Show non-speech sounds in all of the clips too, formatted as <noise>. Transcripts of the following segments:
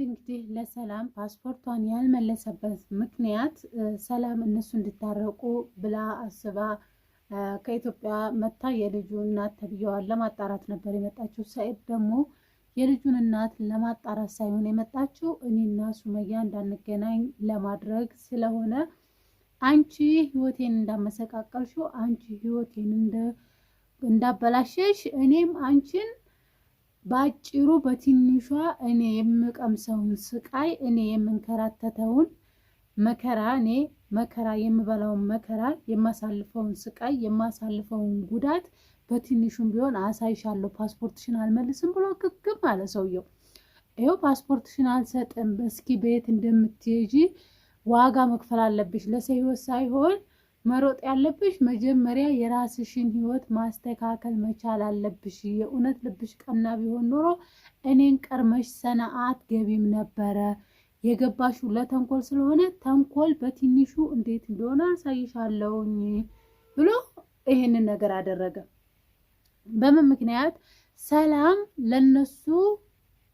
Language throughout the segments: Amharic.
ሰኢድ እንግዲህ ለሰላም ፓስፖርቷን ያልመለሰበት ምክንያት ሰላም እነሱ እንድታረቁ ብላ አስባ ከኢትዮጵያ መታ የልጁ እናት ተብዬዋን ለማጣራት ነበር የመጣችው። ሰኢድ ደግሞ የልጁን እናት ለማጣራት ሳይሆን የመጣችው እኔና ሱመያ እንዳንገናኝ ለማድረግ ስለሆነ አንቺ ህይወቴን እንዳመሰቃቀልሽው፣ አንቺ ህይወቴን እንዳበላሸሽ እኔም አንቺን በአጭሩ በትንሿ እኔ የምቀምሰውን ስቃይ እኔ የምንከራተተውን መከራ እኔ መከራ የምበላውን መከራ የማሳልፈውን ስቃይ የማሳልፈውን ጉዳት በትንሹም ቢሆን አሳይሻለሁ። ፓስፖርትሽን አልመልስም ብሎ ክክም አለ ሰውየው። ይኸው ፓስፖርትሽን አልሰጥም፣ በስኪ ቤት እንደምትሄጂ ዋጋ መክፈል አለብሽ ለሰው ሳይሆን መሮጥ ያለብሽ መጀመሪያ የራስሽን ህይወት ማስተካከል መቻል አለብሽ። የእውነት ልብሽ ቀና ቢሆን ኖሮ እኔን ቀርመሽ ሰነአት ገቢም ነበረ። የገባሽው ለተንኮል ስለሆነ ተንኮል በትንሹ እንዴት እንደሆነ አሳይሻለሁኝ ብሎ ይህንን ነገር አደረገ። በምን ምክንያት? ሰላም ለነሱ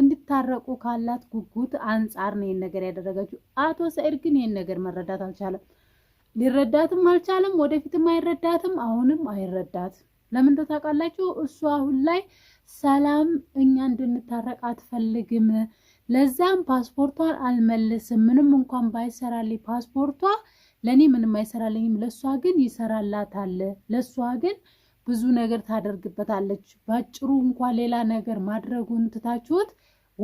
እንድታረቁ ካላት ጉጉት አንጻር ነው ይህን ነገር ያደረገችው። አቶ ሰኢድ ግን ይህን ነገር መረዳት አልቻለም። ሊረዳትም አልቻለም። ወደፊትም አይረዳትም። አሁንም አይረዳትም። ለምን ታውቃላችሁ? እሱ አሁን ላይ ሰላም እኛ እንድንታረቅ አትፈልግም። ለዛም ፓስፖርቷን አልመልስም፣ ምንም እንኳን ባይሰራልኝ ፓስፖርቷ ለእኔ ምንም አይሰራልኝም፣ ለእሷ ግን ይሰራላታል። ለእሷ ግን ብዙ ነገር ታደርግበታለች። ባጭሩ እንኳን ሌላ ነገር ማድረጉን ትታችሁት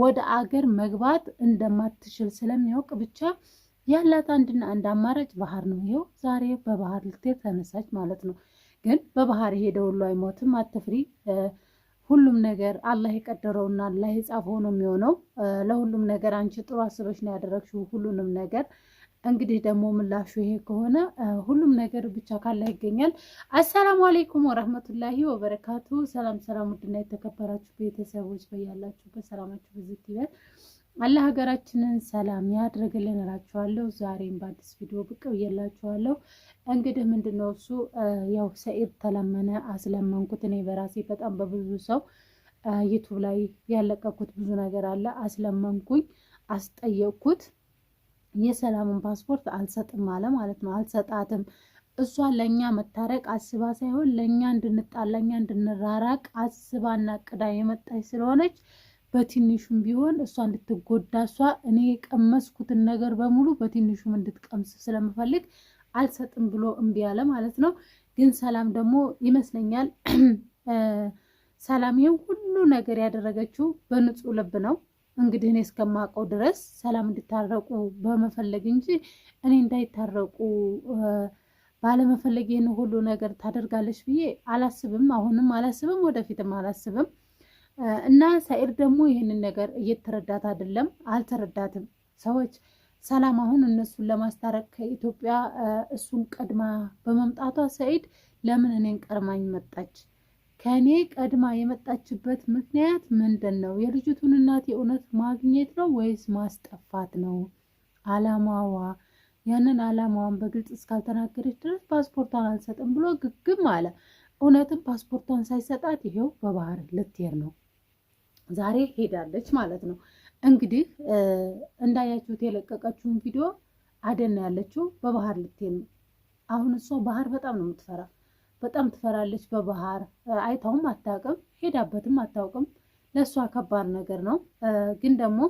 ወደ አገር መግባት እንደማትችል ስለሚያውቅ ብቻ ያላት አንድና አንድ አማራጭ ባህር ነው። ይኸው ዛሬ በባህር ልትሄድ ተነሳች ማለት ነው። ግን በባህር የሄደ ሁሉ አይሞትም፣ አትፍሪ። ሁሉም ነገር አላህ የቀደረውና አላህ የጻፈው ነው የሚሆነው። ለሁሉም ነገር አንቺ ጥሩ አስበሽ ነው ያደረግሽው ሁሉንም ነገር እንግዲህ ደግሞ ምላሹ ይሄ ከሆነ ሁሉም ነገር ብቻ ካላ ይገኛል። አሰላሙ አሌይኩም ወረህመቱላሂ ወበረካቱ። ሰላም ሰላም፣ ውድና የተከበራችሁ ቤተሰቦች በያላችሁበት ሰላማችሁ ብዙ ይበል። አላህ ሀገራችንን ሰላም ያድርግልን እላችኋለሁ። ዛሬም በአዲስ ቪዲዮ ብቅ ብዬላችኋለሁ። እንግዲህ ምንድነው እሱ ያው ሰኢድ ተለመነ አስለመንኩት። እኔ በራሴ በጣም በብዙ ሰው ዩቱብ ላይ ያለቀኩት ብዙ ነገር አለ። አስለመንኩኝ፣ አስጠየቅኩት። የሰላምን ፓስፖርት አልሰጥም አለ ማለት ነው። አልሰጣትም እሷ ለእኛ መታረቅ አስባ ሳይሆን ለእኛ እንድንጣላ ለእኛ እንድንራራቅ አስባና ቅዳ የመጣች ስለሆነች በትንሹም ቢሆን እሷ እንድትጎዳ እሷ እኔ የቀመስኩትን ነገር በሙሉ በትንሹም እንድትቀምስ ስለምፈልግ አልሰጥም ብሎ እምቢ አለ ማለት ነው። ግን ሰላም ደግሞ ይመስለኛል <clears throat> ሰላም ይህን ሁሉ ነገር ያደረገችው በንጹህ ልብ ነው። እንግዲህ እኔ እስከማውቀው ድረስ ሰላም እንድታረቁ በመፈለግ እንጂ እኔ እንዳይታረቁ ባለመፈለግ ይህን ሁሉ ነገር ታደርጋለች ብዬ አላስብም። አሁንም አላስብም፣ ወደፊትም አላስብም። እና ሰኢድ ደግሞ ይህንን ነገር እየተረዳት አይደለም፣ አልተረዳትም። ሰዎች ሰላም አሁን እነሱን ለማስታረቅ ከኢትዮጵያ እሱን ቀድማ በመምጣቷ ሰኢድ ለምን እኔን ቀድማኝ መጣች? ከእኔ ቀድማ የመጣችበት ምክንያት ምንድን ነው? የልጅቱን እናት የእውነት ማግኘት ነው ወይስ ማስጠፋት ነው አላማዋ? ያንን አላማዋን በግልጽ እስካልተናገረች ድረስ ፓስፖርቷን አልሰጥም ብሎ ግግም አለ። እውነትም ፓስፖርቷን ሳይሰጣት ይሄው በባህር ልትሄድ ነው። ዛሬ ሄዳለች ማለት ነው። እንግዲህ እንዳያችሁት የለቀቀችውን ቪዲዮ አደን ያለችው በባህር ልትሄድ ነው። አሁን እሷ ባህር በጣም ነው የምትፈራ፣ በጣም ትፈራለች። በባህር አይታውም አታውቅም፣ ሄዳበትም አታውቅም። ለእሷ ከባድ ነገር ነው። ግን ደግሞ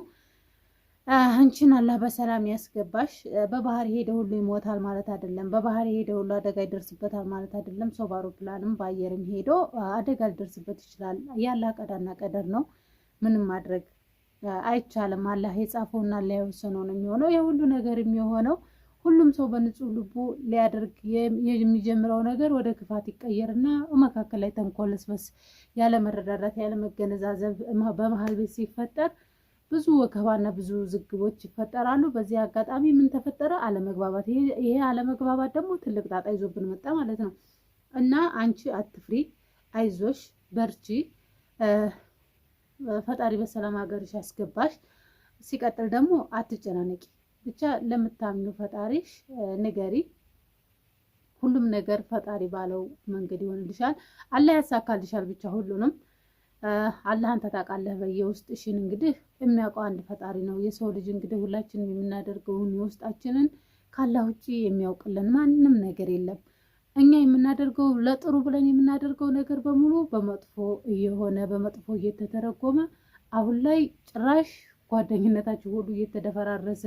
አንቺን አላህ በሰላም ያስገባሽ። በባህር የሄደ ሁሉ ይሞታል ማለት አይደለም። በባህር የሄደ ሁሉ አደጋ ይደርስበታል ማለት አይደለም። ሰው በአውሮፕላንም በአየርም ሄዶ አደጋ ሊደርስበት ይችላል። ያለ ቀዳና ቀደር ነው። ምንም ማድረግ አይቻልም። አላህ የጻፈውና ሊያወሰነው ነው የሚሆነው። የሁሉ ነገር የሚሆነው ሁሉም ሰው በንጹህ ልቡ ሊያደርግ የሚጀምረው ነገር ወደ ክፋት ይቀየርና መካከል ላይ ተንኮለስበስ ያለ መረዳዳት ያለ መገነዛዘብ በመሀል ቤት ሲፈጠር ብዙ ወከባና ብዙ ዝግቦች ይፈጠራሉ። በዚህ አጋጣሚ ምን ተፈጠረ? አለመግባባት። ይሄ አለመግባባት ደግሞ ትልቅ ጣጣ ይዞብን መጣ ማለት ነው እና አንቺ አትፍሪ፣ አይዞሽ፣ በርቺ ፈጣሪ በሰላም ሀገርሽ ያስገባሽ። ሲቀጥል ደግሞ አትጨናነቂ። ብቻ ለምታምኙ ፈጣሪሽ ንገሪ። ሁሉም ነገር ፈጣሪ ባለው መንገድ ይሆንልሻል። አላህ ያሳካልሻል። ብቻ ሁሉንም አላህ አንተ ታውቃለህ። በየውስጥሽን እንግዲህ የሚያውቀው አንድ ፈጣሪ ነው። የሰው ልጅ እንግዲህ ሁላችንም የምናደርገውን የውስጣችንን ካላህ ውጭ የሚያውቅልን ማንም ነገር የለም። እኛ የምናደርገው ለጥሩ ብለን የምናደርገው ነገር በሙሉ በመጥፎ እየሆነ በመጥፎ እየተተረጎመ አሁን ላይ ጭራሽ ጓደኝነታችን ሁሉ እየተደፈራረሰ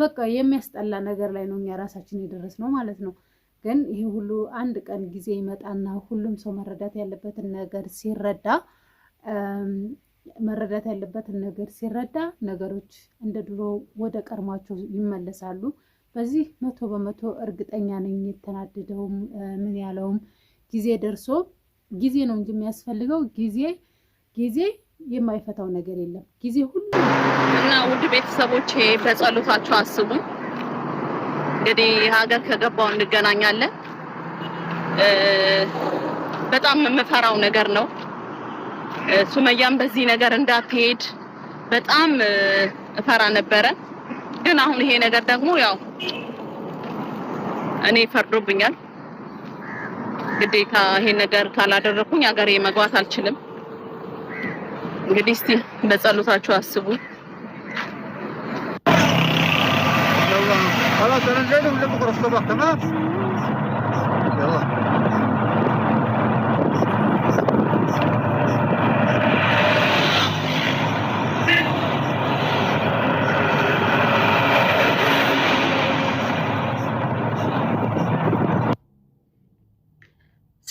በቃ የሚያስጠላ ነገር ላይ ነው እኛ ራሳችን የደረስነው ማለት ነው። ግን ይህ ሁሉ አንድ ቀን ጊዜ ይመጣና ሁሉም ሰው መረዳት ያለበትን ነገር ሲረዳ መረዳት ያለበትን ነገር ሲረዳ ነገሮች እንደ ድሮ ወደ ቀድሟቸው ይመለሳሉ። በዚህ መቶ በመቶ እርግጠኛ ነኝ። የተናደደውም ምን ያለውም ጊዜ ደርሶ ጊዜ ነው እንጂ የሚያስፈልገው ጊዜ ጊዜ የማይፈታው ነገር የለም። ጊዜ ሁሉ እና ውድ ቤተሰቦቼ በጸሎታችሁ አስቡኝ። እንግዲህ ሀገር ከገባው እንገናኛለን። በጣም የምፈራው ነገር ነው። ሱመያም በዚህ ነገር እንዳትሄድ በጣም እፈራ ነበረ። ግን አሁን ይሄ ነገር ደግሞ ያው እኔ ፈርዶብኛል። ግዴታ ይሄ ነገር ካላደረኩኝ አገሬ መግባት አልችልም። እንግዲህ እስቲ በጸሎታችሁ አስቡ።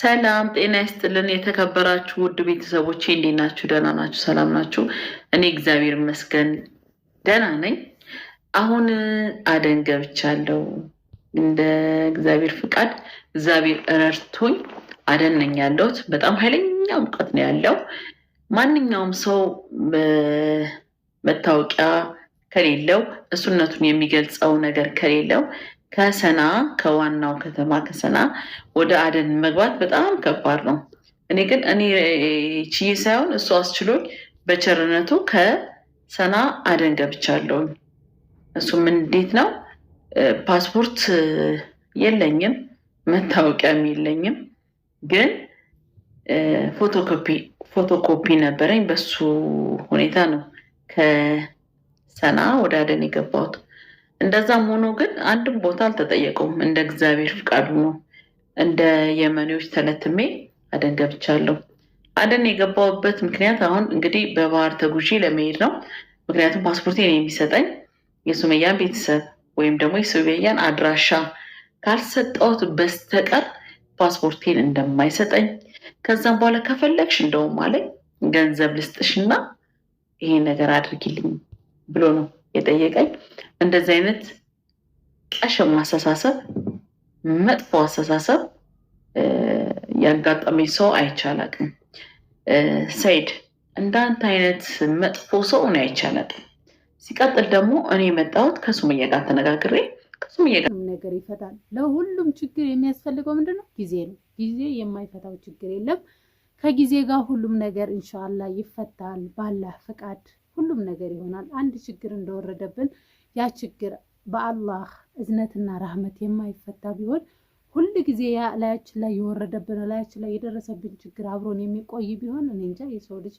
ሰላም ጤና ይስጥልን። የተከበራችሁ ውድ ቤተሰቦች እንዴት ናችሁ? ደህና ናችሁ? ሰላም ናችሁ? እኔ እግዚአብሔር ይመስገን ደህና ነኝ። አሁን አደን ገብቻለሁ። እንደ እግዚአብሔር ፍቃድ እግዚአብሔር ረድቶኝ አደን ነኝ ያለሁት። በጣም ኃይለኛ ሙቀት ነው ያለው። ማንኛውም ሰው መታወቂያ ከሌለው እሱነቱን የሚገልጸው ነገር ከሌለው ከሰና ከዋናው ከተማ ከሰና ወደ አደን መግባት በጣም ከባድ ነው። እኔ ግን እኔ ችዬ ሳይሆን እሱ አስችሎኝ በቸርነቱ ከሰና አደን ገብቻለሁ። እሱም እንዴት ነው ፓስፖርት የለኝም፣ መታወቂያም የለኝም። ግን ፎቶኮፒ ነበረኝ። በሱ ሁኔታ ነው ከሰና ወደ አደን የገባሁት። እንደዛም ሆኖ ግን አንድም ቦታ አልተጠየቀውም። እንደ እግዚአብሔር ፍቃዱ ነው። እንደ የመኔዎች ተለትሜ አደን ገብቻለሁ። አደን የገባውበት ምክንያት አሁን እንግዲህ በባህር ተጉዤ ለመሄድ ነው። ምክንያቱም ነው የሚሰጠኝ የሱመያን ቤተሰብ ወይም ደግሞ የሱመያን አድራሻ ካልሰጠሁት በስተቀር ፓስፖርቴን እንደማይሰጠኝ ከዛም በኋላ ከፈለግሽ እንደውም አለኝ ገንዘብ ልስጥሽና ይሄን ነገር አድርጊልኝ ብሎ ነው የጠየቀኝ እንደዚህ አይነት ቀሸም አስተሳሰብ፣ መጥፎ አስተሳሰብ ያጋጠመኝ ሰው አይቻላቅም። ሰይድ እንዳንተ አይነት መጥፎ ሰው እኔ አይቻላቅም። ሲቀጥል ደግሞ እኔ የመጣሁት ከሱመያ ጋር ተነጋግሬ ከሱመያ ጋር ነገር ይፈታል። ለሁሉም ችግር የሚያስፈልገው ምንድን ነው? ጊዜ ነው። ጊዜ የማይፈታው ችግር የለም። ከጊዜ ጋር ሁሉም ነገር እንሻላ ይፈታል ባላህ ፈቃድ ሁሉም ነገር ይሆናል። አንድ ችግር እንደወረደብን ያ ችግር በአላህ እዝነትና ረህመት የማይፈታ ቢሆን ሁል ጊዜ ላያችን ላይ የወረደብን ላያችን ላይ የደረሰብን ችግር አብሮን የሚቆይ ቢሆን እኔ እንጃ የሰው ልጅ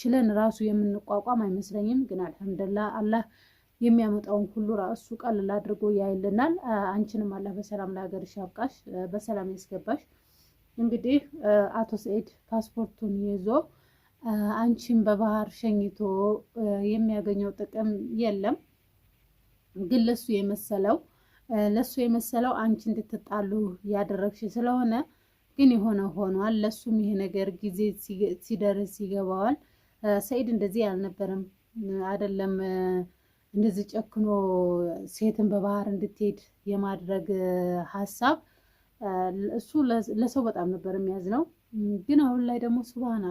ችለን ራሱ የምንቋቋም አይመስለኝም። ግን አልሐምደላ አላህ የሚያመጣውን ሁሉ ራሱ ቀልል አድርጎ ያይልናል። አንቺንም አላህ በሰላም ለሀገር ያብቃሽ፣ በሰላም ያስገባሽ። እንግዲህ አቶ ሰኢድ ፓስፖርቱን ይዞ አንቺን በባህር ሸኝቶ የሚያገኘው ጥቅም የለም። ግን ለሱ የመሰለው ለሱ የመሰለው አንቺ እንድትጣሉ ያደረግሽ ስለሆነ ግን የሆነ ሆኗል። ለሱም ይሄ ነገር ጊዜ ሲደርስ ይገባዋል። ሰኢድ እንደዚህ አልነበረም አይደለም እንደዚህ ጨክኖ ሴትን በባህር እንድትሄድ የማድረግ ሀሳብ እሱ ለሰው በጣም ነበር የሚያዝ ነው። ግን አሁን ላይ ደግሞ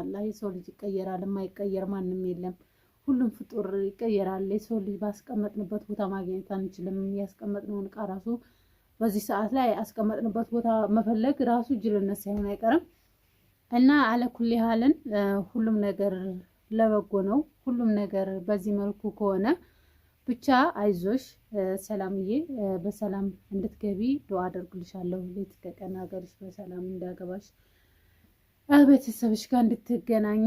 አላ የሰው ልጅ ይቀየራል። የማይቀየር ማንም የለም። ሁሉም ፍጡር ይቀየራል። የሰው ልጅ ባስቀመጥንበት ቦታ ማግኘት አንችልም። ያስቀመጥነውን እቃ ራሱ በዚህ ሰዓት ላይ ያስቀመጥንበት ቦታ መፈለግ ራሱ ጅልነት ሳይሆን አይቀርም እና አለኩል ያህልን ሁሉም ነገር ለበጎ ነው። ሁሉም ነገር በዚህ መልኩ ከሆነ ብቻ አይዞሽ ሰላምዬ፣ በሰላም እንድትገቢ ዱአ አደርግልሻለሁ። ሌት ከቀን ሀገርሽ በሰላም እንዳገባሽ ቤተሰብሽ ጋር እንድትገናኝ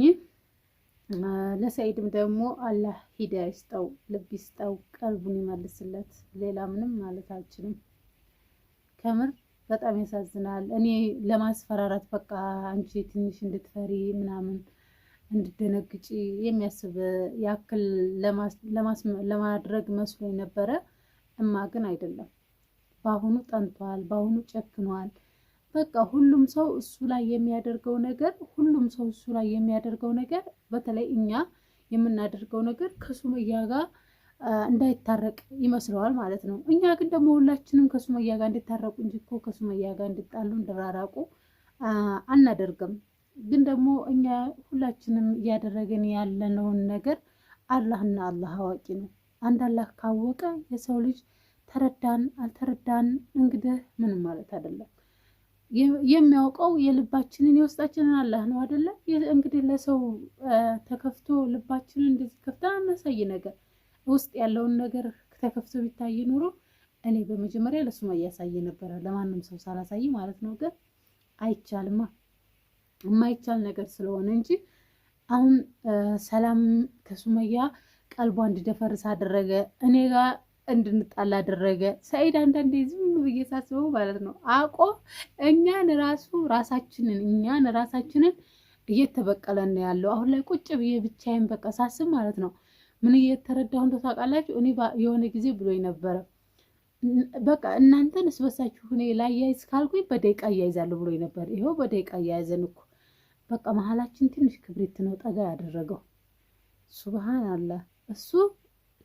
ለሰኢድም ደግሞ አላህ ሂዳ ይስጠው፣ ልብ ይስጠው፣ ቀልቡን ይመልስለት። ሌላ ምንም ማለት አልችልም። ከምር በጣም ያሳዝናል። እኔ ለማስፈራራት በቃ አንቺ ትንሽ እንድትፈሪ ምናምን እንድደነግጪ የሚያስብ ያክል ለማድረግ መስሎኝ ነበረ። እማ ግን አይደለም። በአሁኑ ጠንቷል፣ በአሁኑ ጨክኗል። በቃ ሁሉም ሰው እሱ ላይ የሚያደርገው ነገር ሁሉም ሰው እሱ ላይ የሚያደርገው ነገር በተለይ እኛ የምናደርገው ነገር ከሱመያ ጋር እንዳይታረቅ ይመስለዋል ማለት ነው። እኛ ግን ደግሞ ሁላችንም ከሱመያ ጋር እንዲታረቁ እንጂ እኮ ከሱመያ ጋር እንዲጣሉ እንዲራራቁ አናደርግም። ግን ደግሞ እኛ ሁላችንም እያደረግን ያለነውን ነገር አላህና አላህ አዋቂ ነው። አንድ አላህ ካወቀ የሰው ልጅ ተረዳን አልተረዳን እንግዲህ ምንም ማለት አይደለም። የሚያውቀው የልባችንን የውስጣችንን አላህ ነው አደለ? እንግዲህ ለሰው ተከፍቶ ልባችንን እንደዚህ ከፍተን አናሳይ ነገር ውስጥ ያለውን ነገር ተከፍቶ ቢታይ ኑሮ እኔ በመጀመሪያ ለሱማ እያሳየ ነበረ፣ ለማንም ሰው ሳላሳይ ማለት ነው። ግን አይቻልማ የማይቻል ነገር ስለሆነ እንጂ አሁን ሰላም ከሱመያ ቀልቧ እንዲደፈርስ አደረገ እኔ ጋር እንድንጣላ አደረገ። ሰኢድ አንዳንዴ ዝም ብዬ ሳስበው ማለት ነው አቆ እኛን ራሱ ራሳችንን እኛን ራሳችንን እየተበቀለን ነው ያለው። አሁን ላይ ቁጭ ብዬ ብቻዬን በቃ ሳስብ ማለት ነው ምን እየተረዳሁ እንደው ታውቃላችሁ፣ እኔ የሆነ ጊዜ ብሎኝ ነበረ በቃ እናንተን እስበሳችሁ ሁኔ ላያይዝ ካልኩኝ በደቂቃ እያይዛለሁ ብሎኝ ነበር። ይኸው በደቂቃ እያያዘን እኮ በቃ መሀላችን ትንሽ ክብሪት ነው ጠጋ ያደረገው። ሱብሃን አላህ እሱ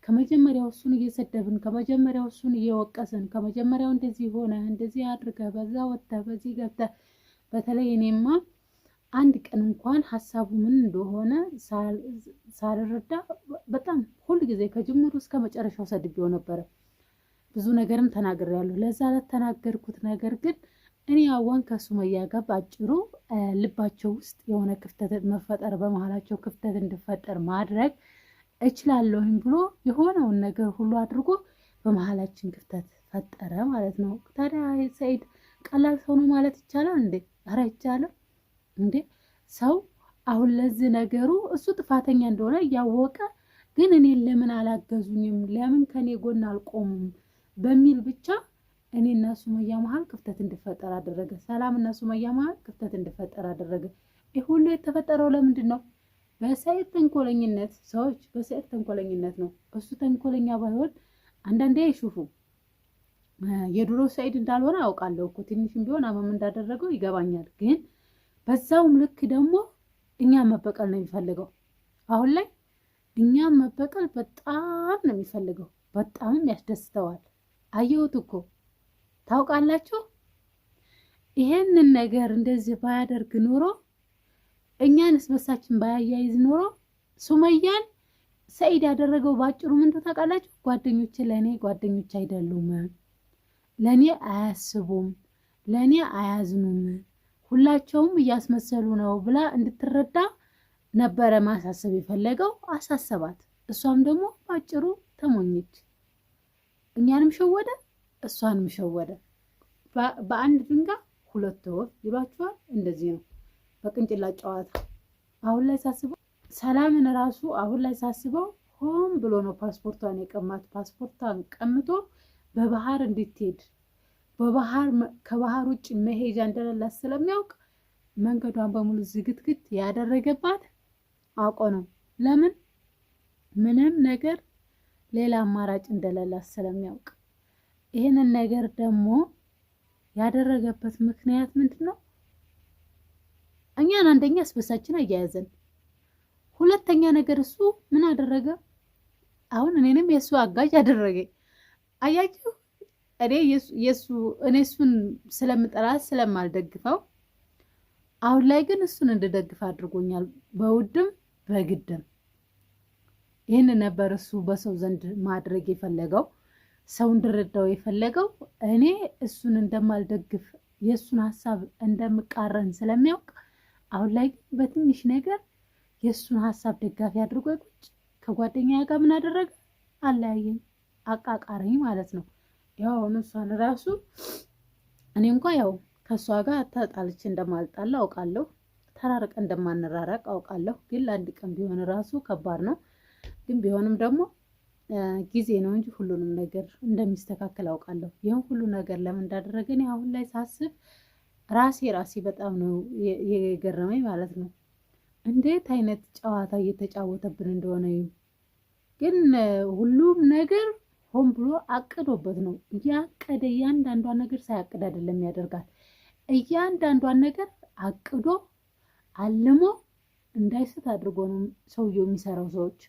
ከመጀመሪያው እሱን እየሰደብን ከመጀመሪያው እሱን እየወቀስን ከመጀመሪያው እንደዚህ ሆነ እንደዚህ አድርገ በዛ ወተ በዚህ ገብተ በተለይ እኔማ አንድ ቀን እንኳን ሀሳቡ ምን እንደሆነ ሳልረዳ በጣም ሁል ጊዜ ከጅምሩ እስከ መጨረሻው ሰድቤው ነበረ። ብዙ ነገርም ተናግሬያለሁ። ለዛ ለተናገርኩት ነገር ግን እኔ አዋን ከሱመያ ጋር ባጭሩ ልባቸው ውስጥ የሆነ ክፍተት መፈጠር በመሀላቸው ክፍተት እንዲፈጠር ማድረግ እችላለሁኝ ብሎ የሆነውን ነገር ሁሉ አድርጎ በመሀላችን ክፍተት ፈጠረ ማለት ነው። ታዲያ ሰኢድ ቀላል ሰው ነው ማለት ይቻላል እንዴ? ኧረ አይቻልም እንዴ! ሰው አሁን ለዚህ ነገሩ እሱ ጥፋተኛ እንደሆነ እያወቀ ግን እኔን ለምን አላገዙኝም፣ ለምን ከኔ ጎን አልቆሙም በሚል ብቻ እኔ እና ሱመያ መሀል ክፍተት እንድፈጠር አደረገ። ሰላም እና ሱመያ መሀል ክፍተት እንድፈጠር አደረገ። ይህ ሁሉ የተፈጠረው ለምንድን ነው? በሰይድ ተንኮለኝነት ሰዎች በሰይድ ተንኮለኝነት ነው። እሱ ተንኮለኛ ባይሆን አንዳንዴ አይሹፉ የድሮ ሰይድ እንዳልሆነ አውቃለሁ እኮ ትንሽም ቢሆን አመም እንዳደረገው ይገባኛል። ግን በዛውም ልክ ደግሞ እኛ መበቀል ነው የሚፈልገው። አሁን ላይ እኛም መበቀል በጣም ነው የሚፈልገው። በጣምም ያስደስተዋል። አየሁት እኮ ታውቃላችሁ። ይሄንን ነገር እንደዚህ ባያደርግ ኑሮ እኛን በሳችን ባያያይዝ ኖሮ ሱመያን ሰኢድ ያደረገው በአጭሩ ምን ታውቃላችሁ? ጓደኞቼ ለእኔ ጓደኞች አይደሉም፣ ለእኔ አያስቡም፣ ለእኔ አያዝኑም፣ ሁላቸውም እያስመሰሉ ነው ብላ እንድትረዳ ነበረ ማሳሰብ የፈለገው አሳሰባት። እሷም ደግሞ በአጭሩ ተሞኘች። እኛንም ሸወደ፣ እሷንም ሸወደ። በአንድ ድንጋይ ሁለት ወፍ ይሏችኋል። እንደዚህ ነው። በቅንጭላት ጨዋታ አሁን ላይ ሳስበው ሰላምን ራሱ አሁን ላይ ሳስበው ሆን ብሎ ነው ፓስፖርቷን የቀማት። ፓስፖርቷን ቀምቶ በባህር እንድትሄድ በባህር ከባህር ውጭ መሄጃ እንደሌላት ስለሚያውቅ መንገዷን በሙሉ ዝግትግት ያደረገባት አውቆ ነው። ለምን ምንም ነገር ሌላ አማራጭ እንደሌላት ስለሚያውቅ ይህንን ነገር ደግሞ ያደረገበት ምክንያት ምንድን ነው? እኛን አንደኛ አስበሳችን አያያዘን፣ ሁለተኛ ነገር እሱ ምን አደረገ? አሁን እኔንም የእሱ አጋዥ አደረገ። አያችሁ እኔ የሱ እኔ እሱን ስለምጠላ ስለማልደግፈው አሁን ላይ ግን እሱን እንድደግፍ አድርጎኛል፣ በውድም በግድም። ይህን ነበር እሱ በሰው ዘንድ ማድረግ የፈለገው ሰው እንድረዳው የፈለገው። እኔ እሱን እንደማልደግፍ የእሱን ሀሳብ እንደምቃረን ስለሚያውቅ አሁን ላይ ግን በትንሽ ነገር የእሱን ሀሳብ ደጋፊ አድርጎ ቁጭ ከጓደኛ ጋር ምን አደረገ አለያየኝ፣ አቃቃረኝ ማለት ነው። ያው አሁን እሷን ራሱ እኔ እንኳ ያው ከእሷ ጋር ተጣልች እንደማልጣላ አውቃለሁ፣ ተራርቀ እንደማንራረቅ አውቃለሁ። ግን ለአንድ ቀን ቢሆን ራሱ ከባድ ነው። ግን ቢሆንም ደግሞ ጊዜ ነው እንጂ ሁሉንም ነገር እንደሚስተካከል አውቃለሁ። ይህም ሁሉ ነገር ለምን እንዳደረገን አሁን ላይ ሳስብ ራሴ ራሴ በጣም ነው የገረመኝ ማለት ነው። እንዴት አይነት ጨዋታ እየተጫወተብን እንደሆነ ግን ሁሉም ነገር ሆን ብሎ አቅዶበት ነው። እያቀደ እያንዳንዷን ነገር ሳያቅድ አይደለም ያደርጋት። እያንዳንዷን ነገር አቅዶ አልሞ እንዳይስት አድርጎ ነው ሰውየው የሚሰራው ሰዎች